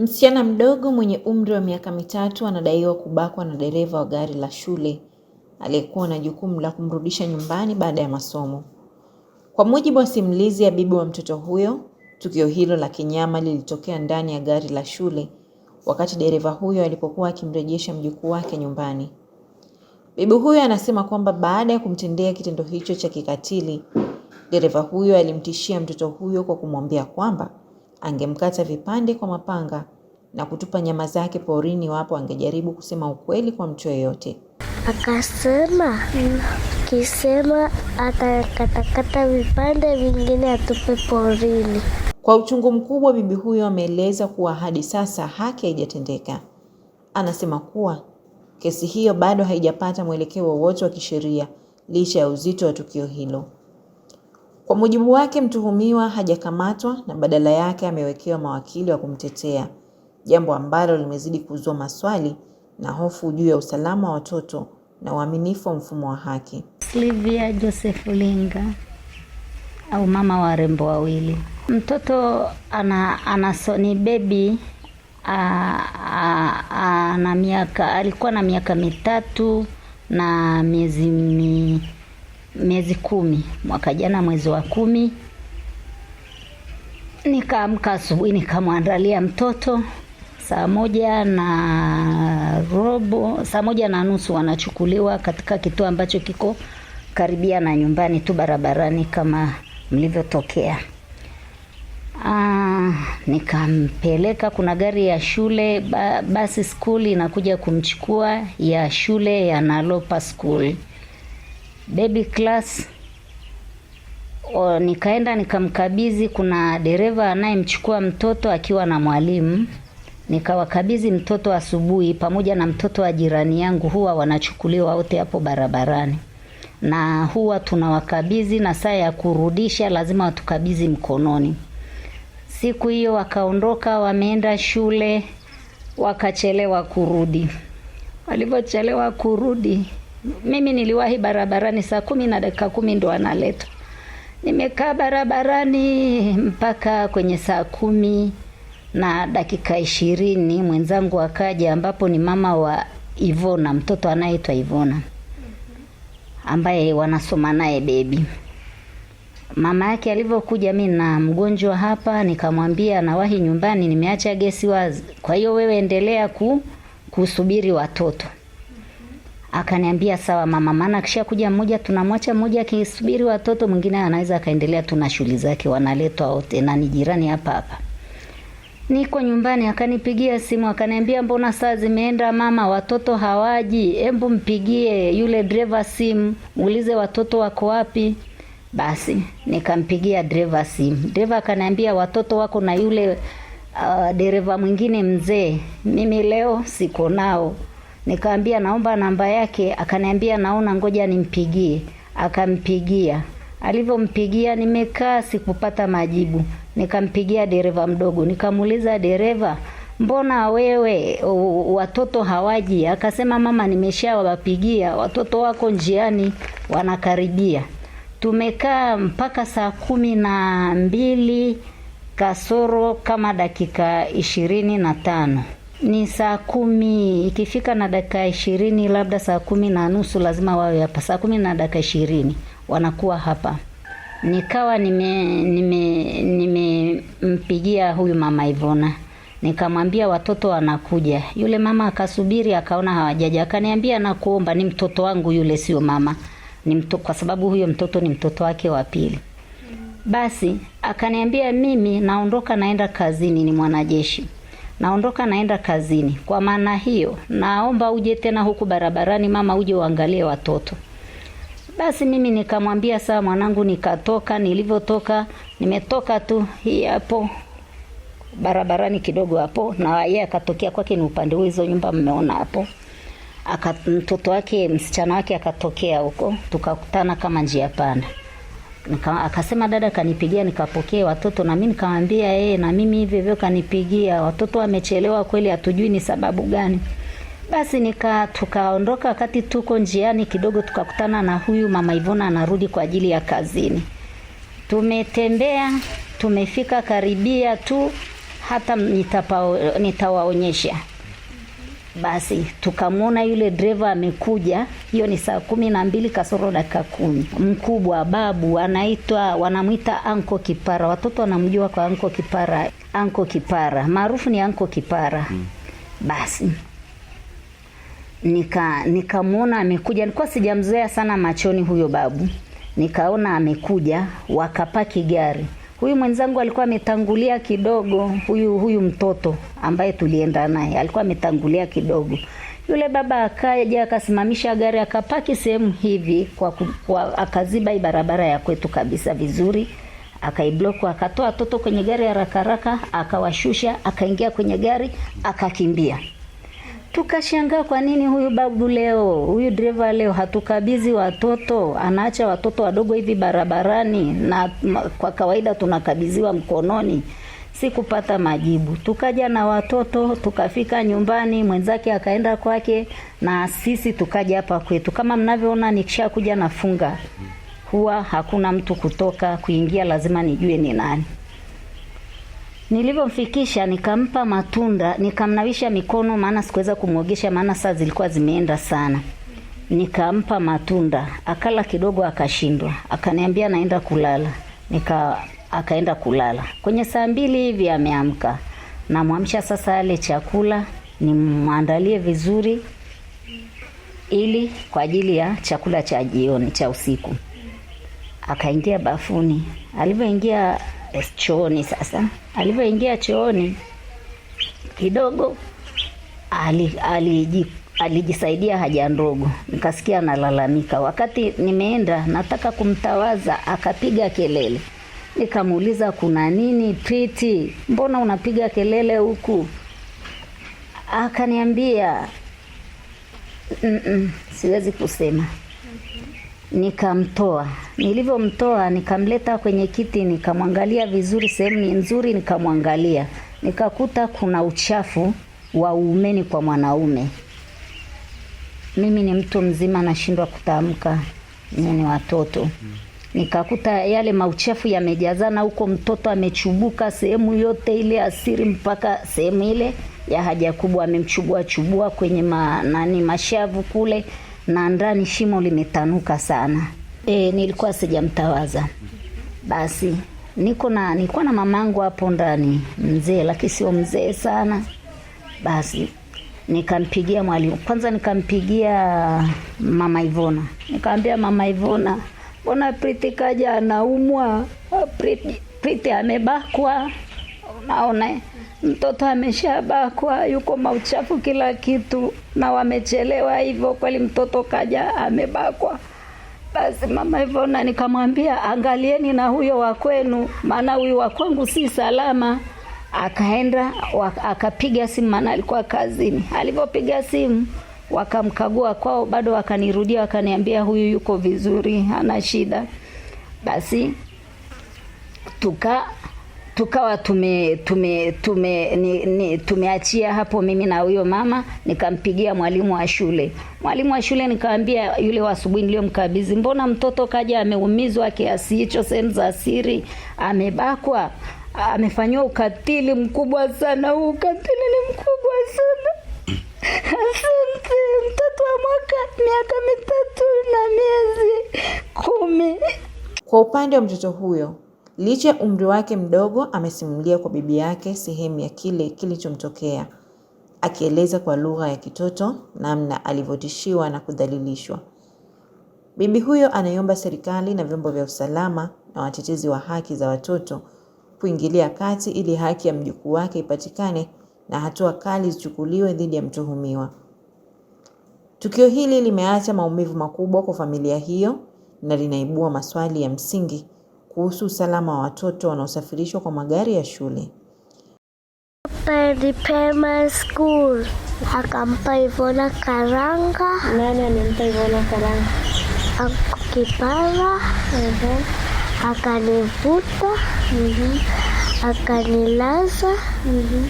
Msichana mdogo mwenye umri wa miaka mitatu anadaiwa kubakwa na dereva wa gari la shule aliyekuwa na jukumu la kumrudisha nyumbani baada ya masomo. Kwa mujibu wa simulizi ya bibi wa mtoto huyo, tukio hilo la kinyama lilitokea ndani ya gari la shule wakati dereva huyo alipokuwa akimrejesha mjukuu wake nyumbani. Bibi huyo anasema kwamba baada ya kumtendea kitendo hicho cha kikatili, dereva huyo alimtishia mtoto huyo kwa kumwambia kwamba angemkata vipande kwa mapanga na kutupa nyama zake porini iwapo angejaribu kusema ukweli kwa mtu yoyote Akasema akisema atakatakata vipande vingine atupe porini. Kwa uchungu mkubwa, bibi huyo ameeleza kuwa hadi sasa haki haijatendeka. Anasema kuwa kesi hiyo bado haijapata mwelekeo wowote wa kisheria licha ya uzito wa tukio hilo. Kwa mujibu wake, mtuhumiwa hajakamatwa na badala yake amewekewa mawakili wa kumtetea, jambo ambalo limezidi kuzua maswali na hofu juu ya usalama wa watoto na uaminifu wa mfumo wa haki. Silvia Joseph Linga au mama warembo wawili, mtoto ana, ana ni bebi ana miaka alikuwa na miaka mitatu na miezi mi miezi kumi, mwaka jana mwezi wa kumi nikaamka asubuhi nikamwandalia mtoto saa moja na robo, saa moja na nusu wanachukuliwa katika kituo ambacho kiko karibia na nyumbani tu barabarani kama mlivyotokea. Ah, nikampeleka. Kuna gari ya shule ba, basi skuli inakuja kumchukua ya shule ya Nalopa School baby class o, nikaenda nikamkabidhi. Kuna dereva anayemchukua mtoto akiwa na mwalimu, nikawakabidhi mtoto asubuhi pamoja na mtoto wa jirani yangu. Huwa wanachukuliwa wote hapo barabarani, na huwa tunawakabidhi, na saa ya kurudisha lazima watukabidhi mkononi. Siku hiyo wakaondoka, wameenda shule, wakachelewa kurudi. Walivyochelewa kurudi mimi niliwahi barabarani saa kumi na dakika kumi ndo analetwa Nimekaa barabarani mpaka kwenye saa kumi na dakika ishirini mwenzangu akaja, ambapo ni mama wa Ivona, mtoto anayeitwa Ivona ambaye wanasoma naye bebi. Mama yake alivyokuja, mi na mgonjwa hapa, nikamwambia nawahi nyumbani, nimeacha gesi wazi, kwa hiyo wewe endelea ku kusubiri watoto Akaniambia sawa mama, maana kisha kuja mmoja tunamwacha mmoja akisubiri watoto, mwingine anaweza akaendelea tu na shughuli zake, wanaletwa wote na ni jirani hapa hapa. Niko nyumbani, akanipigia simu akaniambia, mbona saa zimeenda mama, watoto hawaji, hebu mpigie yule dreva simu muulize watoto wako wapi. Basi nikampigia dreva simu, dreva akaniambia watoto wako na yule uh, dereva mwingine mzee, mimi leo siko nao. Nikaambia naomba namba yake, akaniambia naona, ngoja nimpigie. Akampigia, alivyompigia nimekaa sikupata majibu. Nikampigia dereva mdogo, nikamuuliza dereva, mbona wewe watoto hawaji? Akasema mama, nimeshawapigia watoto wako njiani, wanakaribia. Tumekaa mpaka saa kumi na mbili kasoro kama dakika ishirini na tano ni saa kumi ikifika na dakika ishirini labda saa kumi na nusu lazima wawe hapa. Saa kumi na dakika ishirini wanakuwa hapa. Nikawa nimempigia nime, nime huyu mama Ivona nikamwambia watoto wanakuja. Yule mama akasubiri akaona hawajaja, akaniambia nakuomba, ni mtoto wangu yule, sio mama ni mto, kwa sababu huyo mtoto ni mtoto wake wa pili. Basi akaniambia mimi naondoka, naenda kazini, ni mwanajeshi naondoka naenda kazini. Kwa maana hiyo, naomba uje tena huku barabarani mama, uje uangalie watoto. Basi mimi nikamwambia sawa mwanangu, nikatoka. Nilivyotoka, nimetoka tu hii hapo barabarani kidogo hapo, na yeye akatokea kwake, ni upande huo, hizo nyumba mmeona hapo aka mtoto wake msichana wake akatokea huko, tukakutana kama njia panda. Nika, akasema dada kanipigia nikapokea watoto na mimi nikamwambia yeye eh, na mimi hivyo hivyo kanipigia watoto wamechelewa kweli hatujui ni sababu gani. Basi nika tukaondoka wakati tuko njiani kidogo tukakutana na huyu mama Ivona anarudi kwa ajili ya kazini. Tumetembea, tumefika karibia tu hata nitapa nitawaonyesha. Basi tukamwona yule dreva amekuja, hiyo ni saa kumi na mbili kasoro dakika kumi. Mkubwa babu anaitwa, wanamwita Anko Kipara, watoto wanamjua kwa Anko Kipara, Anko Kipara maarufu ni Anko Kipara hmm. Basi nika nikamwona amekuja, nilikuwa sijamzoea sana machoni huyo babu, nikaona amekuja, wakapaki gari Huyu mwenzangu alikuwa ametangulia kidogo, huyu huyu mtoto ambaye tulienda naye alikuwa ametangulia kidogo. Yule baba akaja akasimamisha gari akapaki sehemu hivi kwa, kwa akaziba barabara ya kwetu kabisa vizuri, akaiblock akatoa watoto kwenye gari haraka haraka, akawashusha, akaingia kwenye gari akakimbia. Tukashangaa kwa nini huyu babu leo, huyu dreva leo hatukabidhi watoto, anaacha watoto wadogo hivi barabarani, na kwa kawaida tunakabidhiwa mkononi. Sikupata majibu. Tukaja na watoto, tukafika nyumbani, mwenzake akaenda kwake na sisi tukaja hapa kwetu. Kama mnavyoona, nikishakuja nafunga, huwa hakuna mtu kutoka kuingia, lazima nijue ni nani. Nilivyomfikisha nikampa matunda, nikamnawisha mikono, maana sikuweza kumwogesha, maana saa zilikuwa zimeenda sana. Nikampa matunda, akala kidogo, akashindwa, akaniambia naenda kulala. Nika akaenda kulala. Kwenye saa mbili hivi ameamka, namwamsha sasa ale chakula, nimwandalie vizuri, ili kwa ajili ya chakula cha jioni cha usiku. Akaingia bafuni, alivyoingia chooni. Sasa alivyoingia chooni kidogo aliji, alijisaidia haja ndogo, nikasikia analalamika. Wakati nimeenda nataka kumtawaza, akapiga kelele. Nikamuuliza, kuna nini Priti, mbona unapiga kelele huku? Akaniambia, siwezi kusema nikamtoa. Nilivyomtoa nikamleta kwenye kiti, nikamwangalia vizuri, sehemu ni nzuri, nikamwangalia, nikakuta kuna uchafu wa uumeni kwa mwanaume. Mimi ni mtu mzima, nashindwa kutamka, ni watoto nikakuta yale mauchafu yamejazana huko, mtoto amechubuka sehemu yote ile, asiri mpaka sehemu ile ya haja kubwa, amemchubua chubua kwenye ma, nani mashavu kule na ndani shimo limetanuka sana. E, nilikuwa sijamtawaza basi, niko na nilikuwa na mamangu hapo ndani, mzee lakini sio mzee sana. Basi nikampigia mwalimu kwanza, nikampigia mama Ivona, nikaambia mama Ivona, mbona Priti kaja anaumwa, Priti, Priti amebakwa, unaona mtoto ameshabakwa, yuko mauchafu kila kitu, na wamechelewa hivyo. Kweli mtoto kaja amebakwa. Basi mama hivyo, na nikamwambia angalieni na huyo wa kwenu, maana huyu wa kwangu si salama. Akaenda akapiga simu, maana alikuwa kazini. Alivyopiga simu wakamkagua kwao, bado wakanirudia, wakaniambia huyu yuko vizuri, hana shida. Basi tuka tukawa tume, tume, tume, ni, ni, tumeachia hapo mimi na huyo mama. Nikampigia mwalimu wa shule, mwalimu wa shule nikaambia yule wa asubuhi niliyomkabidhi, mbona mtoto kaja ameumizwa kiasi hicho, sehemu za siri, amebakwa, amefanyiwa ukatili mkubwa sana. Huu ukatili ni mkubwa sana. Asante. Mtoto wa mwaka miaka mitatu na miezi kumi. Kwa upande wa mtoto huyo Licha ya umri wake mdogo, amesimulia kwa bibi yake sehemu ya kile kilichomtokea, akieleza kwa lugha ya kitoto namna alivyotishiwa na kudhalilishwa. Bibi huyo anaiomba serikali na vyombo vya usalama na watetezi wa haki za watoto kuingilia kati ili haki ya mjukuu wake ipatikane na hatua kali zichukuliwe dhidi ya mtuhumiwa. Tukio hili limeacha maumivu makubwa kwa familia hiyo na linaibua maswali ya msingi kuhusu usalama wa watoto wanaosafirishwa kwa magari ya shule. Pema school akampa Ivona karanga. Nani alimpa Ivona karanga? Akukipara. uh-huh. Akanivuta. uh-huh. Akanilaza. uh-huh. Mhm.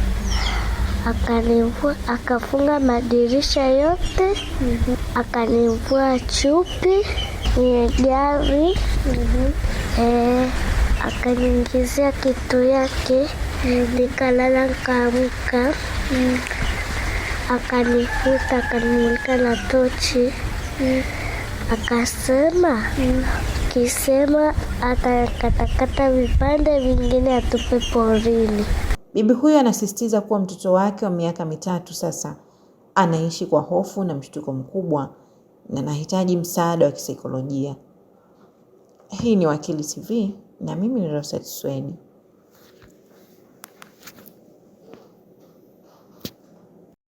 Akanivua, akafunga madirisha yote. uh-huh. Akanivua chupi kwenye gari eh, akaniingizia kitu yake nikalala nkaamka akanifuta akanimulika na tochi akasema kisema atakatakata vipande vingine atupe porini. Bibi huyo anasisitiza kuwa mtoto wake wa miaka mitatu sasa anaishi kwa hofu na mshtuko mkubwa na nahitaji msaada wa kisaikolojia. Hii ni Wakili TV na mimi ni Roset Sweni.